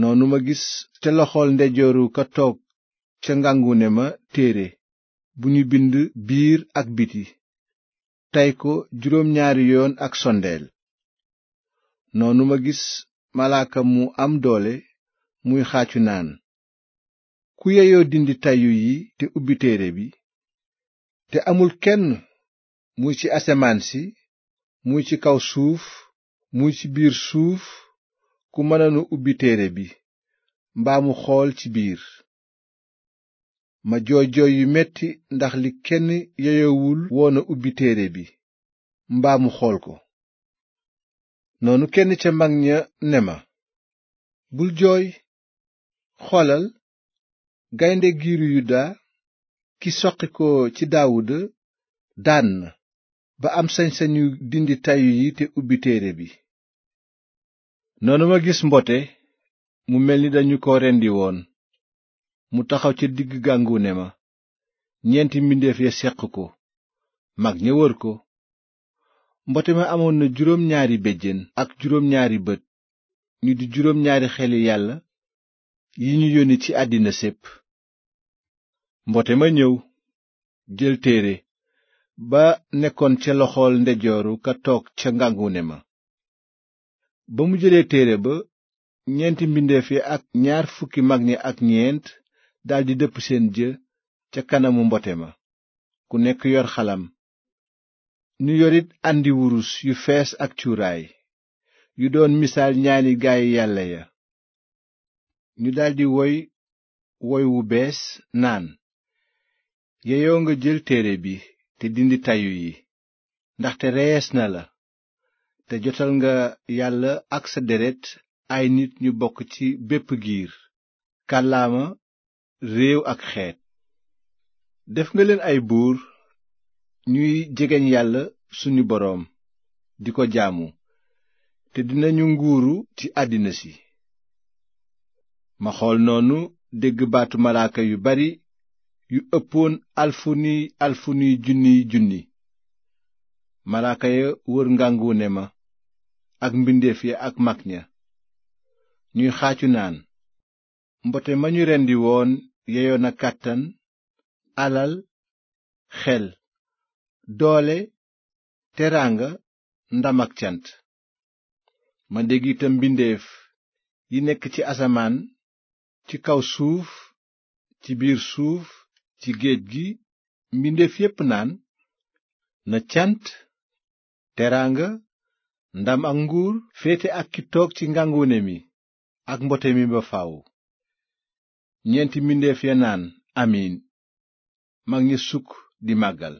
noonu ma gis ca loxol ndeyjooru ka toog ca ngàngune ma téere bu ñu bind biir ak biti tey ko juróom ñaari yoon ak sondeel noonu ma gis malaaka mu am doole muy xàccu naan ku yeyoo dindi tayu yi te ubbi téere bi te amul kenn muy ci asemaan si muy ci kaw suuf muy ci biir suuf ku mënoon a ubbi téere bi mbaa xool ci biir ma jooy jooy yu metti ndax li kenn yeyowul woon a ubbi téere bi mbaamu xool ko noonu kenn ca mag ña ne ma bul jooy xoolal gaynde giiru yuda ki soqi ko ci daawuda daan na ba am sañ-sañu dindi tayu yi te ubbi téere bi noonu ma gis mbote mu mel ni dañu ko rendi woon mu taxaw ca digg gàngune ma ñeenti mbindeef ya seq ko mag ña wër ko mbote ma amoon na juróom ñaari béjjén ak juróom ñaari bët ñu di juróom ñaari xeli yàlla yi ñu yónni ci àddina sépp mbote ma ñëw jël téere ba nekkoon ca loxol ndejooru ka toog ca ngàngune ma ba mu jëlee téere ba ñeenti mbindeef yi ak ñaar fukki mag ñi ak ñeent daldi dëpp seen jë ca kanamu mbote ma ku nekk yor xalam ñu yorit àndi wurus yu fees ak cuuraay yu doon misaal ñaani gaay yàlla ya ñu daldi woy woy wu bees naan yeyoo nga jël téere bi te dindi tayu yi ndaxte rees na la te jotal nga yàlla ak sa deret ay nit ñu bokk ci bépp giir kàllaama réew ak xeet def nga leen ay buur ñuy jegeñ yàlla sunu boroom di ko jaamu te dinañu nguuru ci àddina si ma xool noonu dégg baatu malaaka yu bari yu ëppoon alfuni alfuni junniy junni malaaka ya wër ngàngu ma ak mbindeef ya ak mag ña ñuy xàccu naan mbote ma ñu rendi woon yeyoon kàttan alal xel doole teraanga ndam ak cant ma dégg itam yi nekk ci asamaan ci kaw suuf ci biir suuf ci géej gi mbindeef yépp naan na cant teraanga ndam ak nguur féete ak ki toog ci ngànguune mi ak mbote mi ba faw ñeenti mbindeef ya naan amiin mag ña sukk di màggal